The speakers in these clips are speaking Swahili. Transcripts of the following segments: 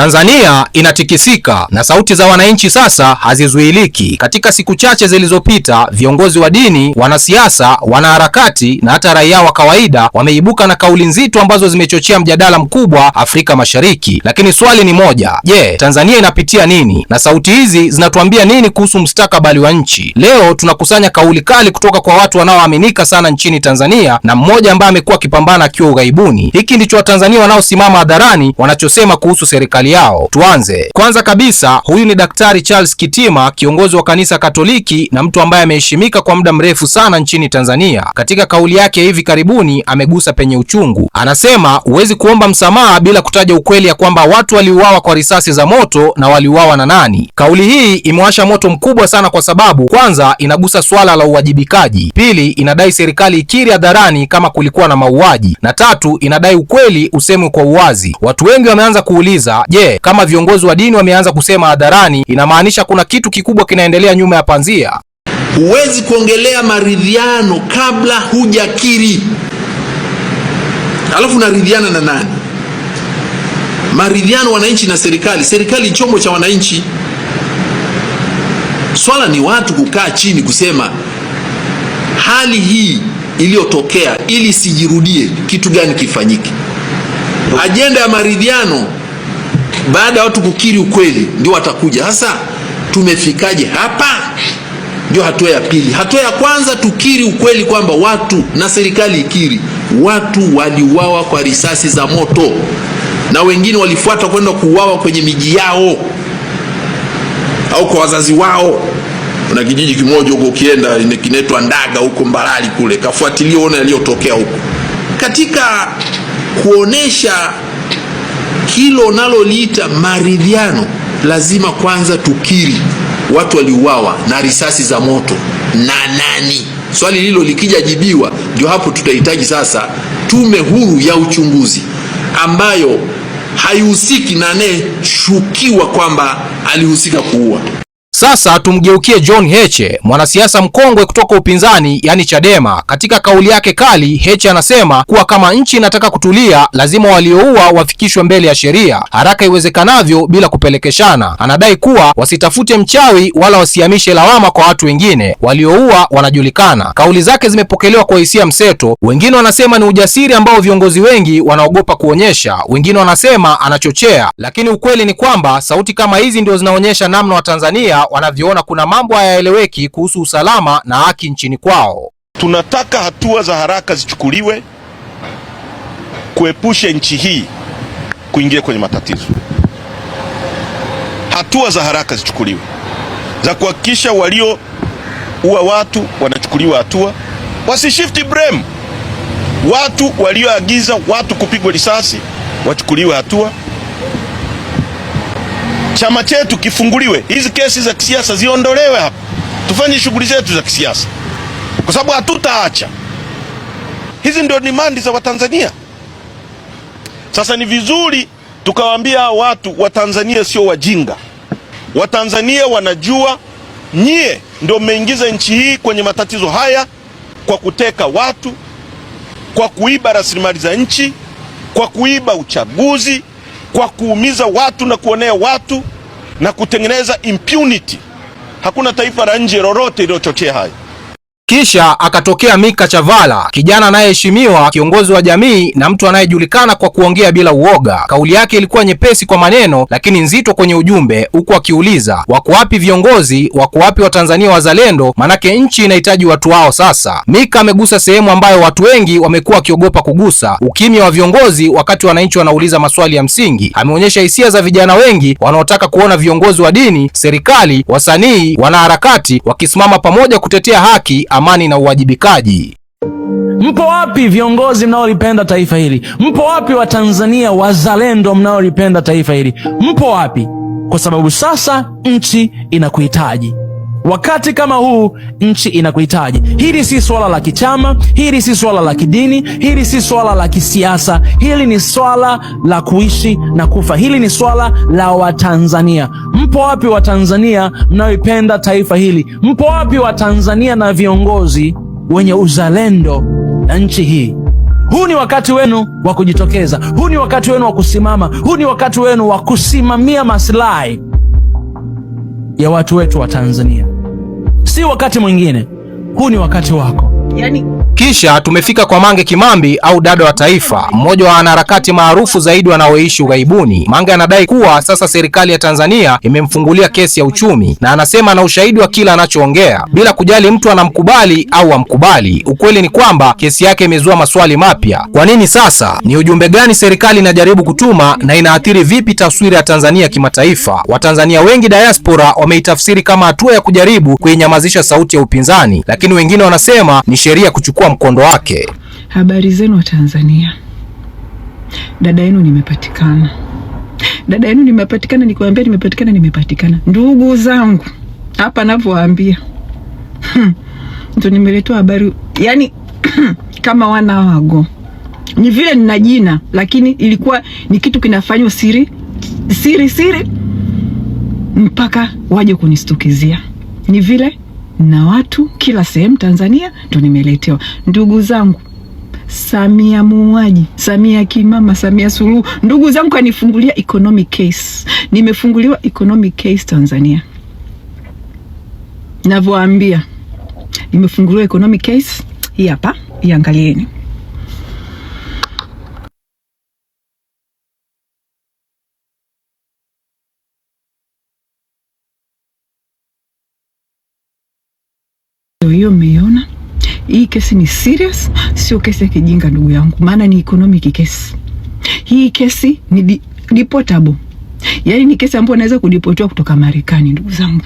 Tanzania inatikisika na sauti za wananchi sasa hazizuiliki. Katika siku chache zilizopita, viongozi wa dini, wanasiasa, wanaharakati na hata raia wa kawaida wameibuka na kauli nzito ambazo zimechochea mjadala mkubwa Afrika Mashariki. Lakini swali ni moja, je, Tanzania inapitia nini na sauti hizi zinatuambia nini kuhusu mustakabali wa nchi? Leo tunakusanya kauli kali kutoka kwa watu wanaoaminika sana nchini Tanzania na mmoja ambaye amekuwa akipambana akiwa ughaibuni. Hiki ndicho Watanzania wanaosimama hadharani wanachosema kuhusu serikali habari yao. Tuanze kwanza kabisa, huyu ni Daktari Charles Kitima, kiongozi wa kanisa Katoliki na mtu ambaye ameheshimika kwa muda mrefu sana nchini Tanzania. Katika kauli yake hivi karibuni, amegusa penye uchungu. Anasema huwezi kuomba msamaha bila kutaja ukweli ya kwamba watu waliuawa kwa risasi za moto na waliuawa na nani. Kauli hii imewasha moto mkubwa sana, kwa sababu kwanza inagusa swala la uwajibikaji, pili inadai serikali ikiri hadharani kama kulikuwa na mauaji, na tatu inadai ukweli usemwe kwa uwazi. Watu wengi wameanza kuuliza, je, Je, kama viongozi wa dini wameanza kusema hadharani, inamaanisha kuna kitu kikubwa kinaendelea nyuma ya panzia. Huwezi kuongelea maridhiano kabla hujakiri, alafu unaridhiana na nani? Maridhiano wananchi na serikali, serikali chombo cha wananchi. Swala ni watu kukaa chini kusema hali hii iliyotokea ili sijirudie, kitu gani kifanyike? Ajenda ya maridhiano baada ya watu kukiri ukweli ndio watakuja. Sasa tumefikaje hapa? Ndio hatua ya pili. Hatua ya kwanza tukiri ukweli kwamba watu na serikali ikiri, watu waliuawa kwa risasi za moto na wengine walifuata kwenda kuuawa kwenye miji yao au kwa wazazi wao. Kuna kijiji kimoja huko ukienda kinaitwa Ndaga huko Mbarali kule, kafuatilia uone yaliyotokea huko katika kuonesha hilo unaloliita maridhiano, lazima kwanza tukiri watu waliuawa na risasi za moto na nani? Swali hilo likija jibiwa, ndio hapo tutahitaji sasa tume huru ya uchunguzi ambayo haihusiki na anayeshukiwa kwamba alihusika kuua. Sasa tumgeukie John Heche, mwanasiasa mkongwe kutoka upinzani yani Chadema. Katika kauli yake kali, Heche anasema kuwa kama nchi inataka kutulia, lazima walioua wafikishwe mbele ya sheria haraka iwezekanavyo bila kupelekeshana. Anadai kuwa wasitafute mchawi wala wasihamishe lawama kwa watu wengine, walioua wanajulikana. Kauli zake zimepokelewa kwa hisia mseto, wengine wanasema ni ujasiri ambao viongozi wengi wanaogopa kuonyesha, wengine wanasema anachochea, lakini ukweli ni kwamba sauti kama hizi ndio zinaonyesha namna Watanzania wanavyoona kuna mambo hayaeleweki kuhusu usalama na haki nchini kwao. Tunataka hatua za haraka zichukuliwe kuepusha nchi hii kuingia kwenye matatizo. Hatua za haraka zichukuliwe za kuhakikisha walioua watu wanachukuliwa hatua, wasishifti blame. Watu walioagiza watu kupigwa risasi wachukuliwe hatua chama chetu kifunguliwe, hizi kesi za kisiasa ziondolewe hapa, tufanye shughuli zetu za kisiasa, kwa sababu hatutaacha. Hizi ndio dimandi za Watanzania. Sasa ni vizuri tukawaambia watu, Watanzania sio wajinga, Watanzania wanajua nyie ndio mmeingiza nchi hii kwenye matatizo haya kwa kuteka watu, kwa kuiba rasilimali za nchi, kwa kuiba uchaguzi kwa kuumiza watu na kuonea watu na kutengeneza impunity. Hakuna taifa la nje lolote iliyochochea haya. Kisha akatokea Mika Chavala, kijana anayeheshimiwa, kiongozi wa jamii na mtu anayejulikana kwa kuongea bila uoga. Kauli yake ilikuwa nyepesi kwa maneno, lakini nzito kwenye ujumbe, huku akiuliza wako wapi viongozi, wako wapi Watanzania wazalendo? Manake nchi inahitaji watu wao. Sasa Mika amegusa sehemu ambayo watu wengi wamekuwa wakiogopa kugusa, ukimya wa viongozi wakati wananchi wanauliza maswali ya msingi. Ameonyesha hisia za vijana wengi wanaotaka kuona viongozi wa dini, serikali, wasanii, wanaharakati wakisimama pamoja kutetea haki amani na uwajibikaji. Mpo wapi viongozi mnaolipenda taifa hili? Mpo wapi Watanzania wazalendo mnaolipenda taifa hili? Mpo wapi? Kwa sababu sasa nchi inakuhitaji. Wakati kama huu nchi inakuhitaji. Hili si swala la kichama, hili si swala la kidini, hili si swala la kisiasa. Hili ni swala la kuishi na kufa. Hili ni swala la Watanzania. Mpo wapi Watanzania mnaoipenda taifa hili? Mpo wapi Watanzania na viongozi wenye uzalendo na nchi hii? Huu ni wakati wenu wa kujitokeza. Huu ni wakati wenu wa kusimama. Huu ni wakati wenu wa kusimamia maslahi ya watu wetu wa Tanzania. Si wakati mwingine, huu ni wakati wako, yani... Kisha tumefika kwa Mange Kimambi au dada wa taifa, mmoja wa wanaharakati maarufu zaidi wanaoishi ughaibuni. Mange anadai kuwa sasa serikali ya Tanzania imemfungulia kesi ya uchumi, na anasema ana ushahidi wa kila anachoongea bila kujali mtu anamkubali au amkubali. Ukweli ni kwamba kesi yake imezua maswali mapya. Kwa nini sasa? Ni ujumbe gani serikali inajaribu kutuma, na inaathiri vipi taswira ya Tanzania kimataifa? Watanzania wengi diaspora wameitafsiri kama hatua ya kujaribu kuinyamazisha sauti ya upinzani, lakini wengine wanasema ni sheria kuchukua mkondo wake. Habari zenu wa Tanzania, dada yenu nimepatikana, dada yenu nimepatikana, nikiwaambia nimepatikana, nimepatikana. Ndugu zangu hapa navyowaambia hmm. ndo nimeletwa habari yani kama wana wago ni vile nina jina lakini ilikuwa ni kitu kinafanywa siri siri siri mpaka waje kunistukizia. Ni vile na watu kila sehemu Tanzania ndo nimeletewa. Ndugu zangu, Samia muuaji, Samia kimama, Samia Suluhu, ndugu zangu kanifungulia economic case. Nimefunguliwa economic case Tanzania, navyoambia nimefunguliwa economic case. Hii hapa, iangalieni. hiyo mmeiona. Hii kesi ni serious, sio kesi ya kijinga ndugu yangu, maana ni economic case. Hii kesi ni di, deportable, yaani ni kesi ambayo naweza kudipotiwa kutoka Marekani ndugu zangu,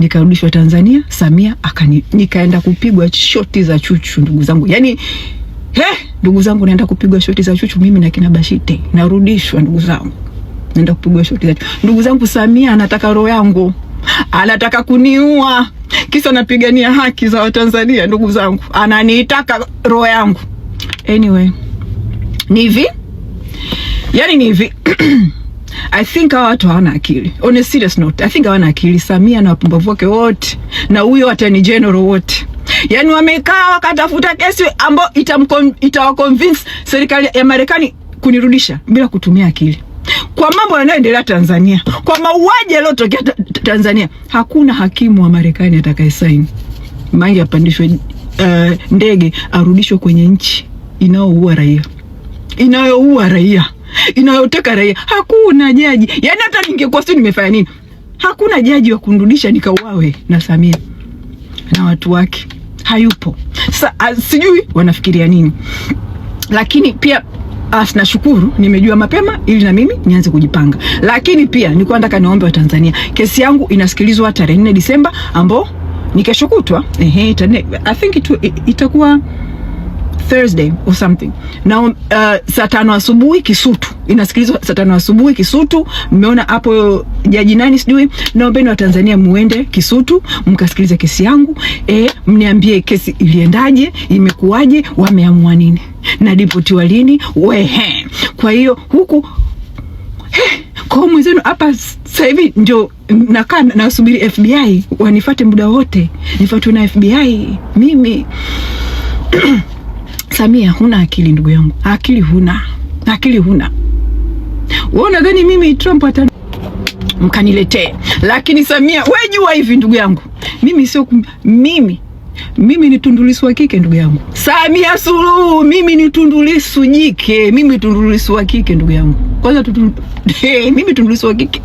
nikarudishwa Tanzania, Samia akani, nikaenda kupigwa shoti za chuchu ndugu zangu, yaani ndugu zangu, naenda kupigwa shoti za chuchu mimi na kina Bashite, narudishwa ndugu zangu, naenda kupigwa shoti za chuchu ndugu zangu. Samia anataka roho yangu, anataka kuniua kisa napigania haki za Watanzania, ndugu zangu, ananiitaka roho yangu. Anyway, ni hivi yani, ni hivi I think hawa watu hawana akili. On a serious note, I think hawana akili Samia na wapumbavu wake wote na huyo atani general wote yaani wamekaa wakatafuta kesi ambayo itawaconvince serikali ya Marekani kunirudisha bila kutumia akili kwa mambo yanayoendelea Tanzania, kwa mauaji yaliyotokea Tanzania, hakuna hakimu wa Marekani atakayesaini mangi apandishwe uh, ndege arudishwe kwenye nchi inayoua raia, inayoua raia, inayoteka raia. Hakuna jaji, yaani hata ningekuwa si nimefanya nini, hakuna jaji wa kunirudisha nikauawe na Samia na watu wake, hayupo. Ah, sijui wanafikiria nini, lakini pia afu ah, nashukuru nimejua mapema ili na mimi nianze kujipanga. Lakini pia nilikuwa nataka niombe wa Tanzania, kesi yangu inasikilizwa tarehe 4 Disemba ambao ni kesho kutwa. Ehe, I think itakuwa Thursday or something Now, uh, saa tano asubuhi Kisutu inasikilizwa saa tano asubuhi Kisutu. Mmeona hapo jaji nani sijui. Naombeni wa Tanzania muende Kisutu mkasikilize kesi yangu e, mniambie kesi iliendaje, imekuwaje, wameamua nini na dipotiwa lini wehe. Kwa hiyo huku he, kwa mwenzenu hapa sasa hivi ndio nakaa nasubiri FBI wanifate muda wote, nifatwe na FBI mimi Samia, huna akili ndugu yangu, akili huna, akili huna. Wewe unadhani mimi Trump ata mkaniletee, lakini Samia wewe jua hivi ndugu yangu, mimi sio mimi mimi ni Tundulisu wa kike ndugu yangu. Samia Suluhu, mimi ni Tundulisu jike, mimi Tundulisu wa kike ndugu yangu. Kwanza eh, mimi Tundulisu wa kike.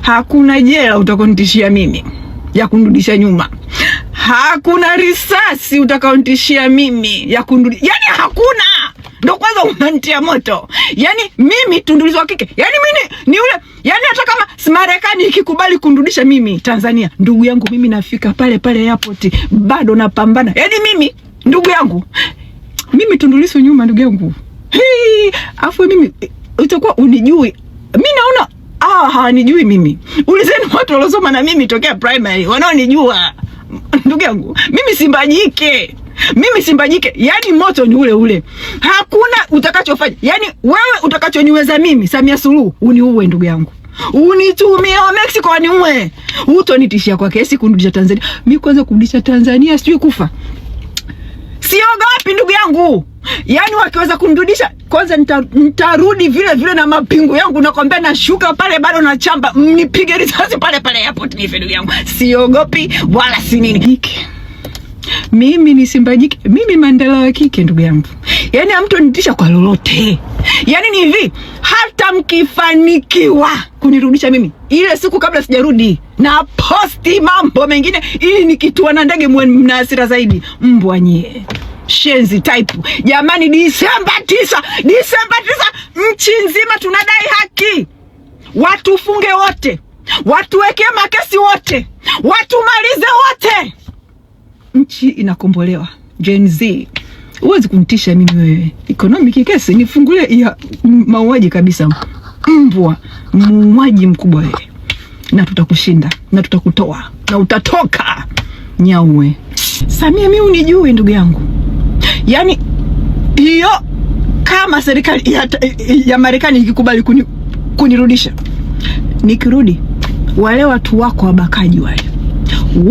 Hakuna jela utakonitishia mimi ya kunirudisha nyuma hakuna risasi utakaontishia mimi ya kunduli, yani hakuna. Ndo kwanza unanitia moto, yani mimi Tundulizo wa kike, yani mimi ni ule, yani hata kama Marekani ikikubali kunirudisha mimi Tanzania, ndugu yangu, mimi nafika pale pale airport, bado napambana. Yani mimi ndugu yangu, mimi Tundulizo nyuma, ndugu yangu, hii. afu mimi utakuwa unijui, mimi, naona hawanijui mimi. Ulizeni watu walosoma na mimi tokea primary, wanaonijua ndugu yangu, mimi simba jike, mimi simba jike. Yani moto ni ule ule, hakuna utakachofanya. Yani wewe utakachoniweza mimi, Samia Suluhu, uniue ndugu yangu unitumie wa Mexico waniue, utonitishia kwa kesi kunirudisha Tanzania. Mi kwanza kurudisha Tanzania sijui kufa, siogopi ndugu yangu. Yaani wakiweza kunirudisha kwanza, nitarudi vile vile na mapingu yangu, nakwambia, nashuka pale bado nachamba, mnipige risasi pale pale airport, nife ndugu yangu, siogopi wala si nini. Mimi ni simba jike, mimi Mandela wa kike, ndugu yangu, yaani nitisha kwa lolote. Yaani ni hivi, hata mkifanikiwa kunirudisha mimi, ile siku kabla sijarudi na posti mambo mengine, ili nikitua na ndege mwe mna hasira zaidi. Mbwa nyie shenzi type. Jamani, Disemba tisa, Disemba tisa, nchi nzima tunadai haki. Watu funge wote, watuweke makesi wote, watumalize wote, nchi inakombolewa. Gen Z huwezi kunitisha mimi wewe. Economic kesi nifungulie ya mauaji kabisa. Mbwa muuaji mkubwa wewe, na tutakushinda na tutakutoa na utatoka nyaue. Samia, mimi unijui ndugu yangu yani hiyo kama serikali ya, ya Marekani ikikubali kuni, kunirudisha nikirudi, wale watu wako wabakaji wale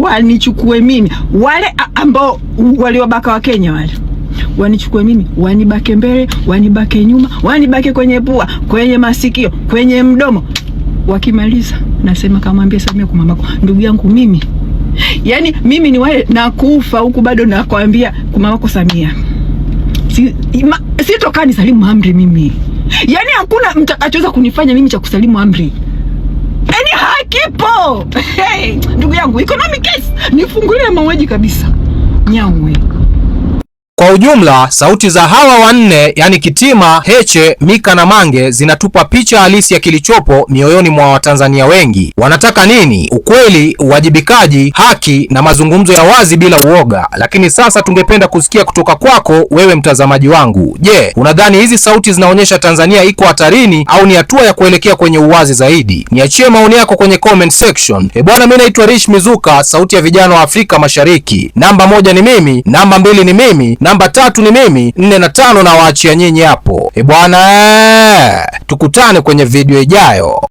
wanichukue mimi, wale ambao waliwabaka wa Kenya wale wanichukue mimi, wanibake mbele, wanibake nyuma, wanibake kwenye pua, kwenye masikio, kwenye mdomo. Wakimaliza nasema kamwambia Samia kumamako, ndugu yangu mimi Yaani mimi ni wale nakufa huku bado nakwambia mama wako Samia si, sitokaa nisalimu amri mimi. Yaani hakuna mtakachoweza kunifanya mimi cha kusalimu amri. Yaani hakipo. Hey, ndugu yangu economic case nifungulie mauaji kabisa. Nyawe ujumla, sauti za hawa wanne yani Kitima, Heche, Mika na Mange zinatupa picha halisi ya kilichopo mioyoni mwa Watanzania wengi. Wanataka nini? Ukweli, uwajibikaji, haki na mazungumzo ya wazi bila uoga. Lakini sasa tungependa kusikia kutoka kwako wewe mtazamaji wangu. Je, unadhani hizi sauti zinaonyesha Tanzania iko hatarini au ni hatua ya kuelekea kwenye uwazi zaidi? Niachie maoni yako kwenye comment section. E bwana, mimi naitwa Rich Mizuka, sauti ya vijana wa Afrika Mashariki. Namba moja ni mimi, namba mbili ni mimi, namba namba tatu ni mimi, nne na tano na waachia nyinyi hapo. E bwana, tukutane kwenye video ijayo.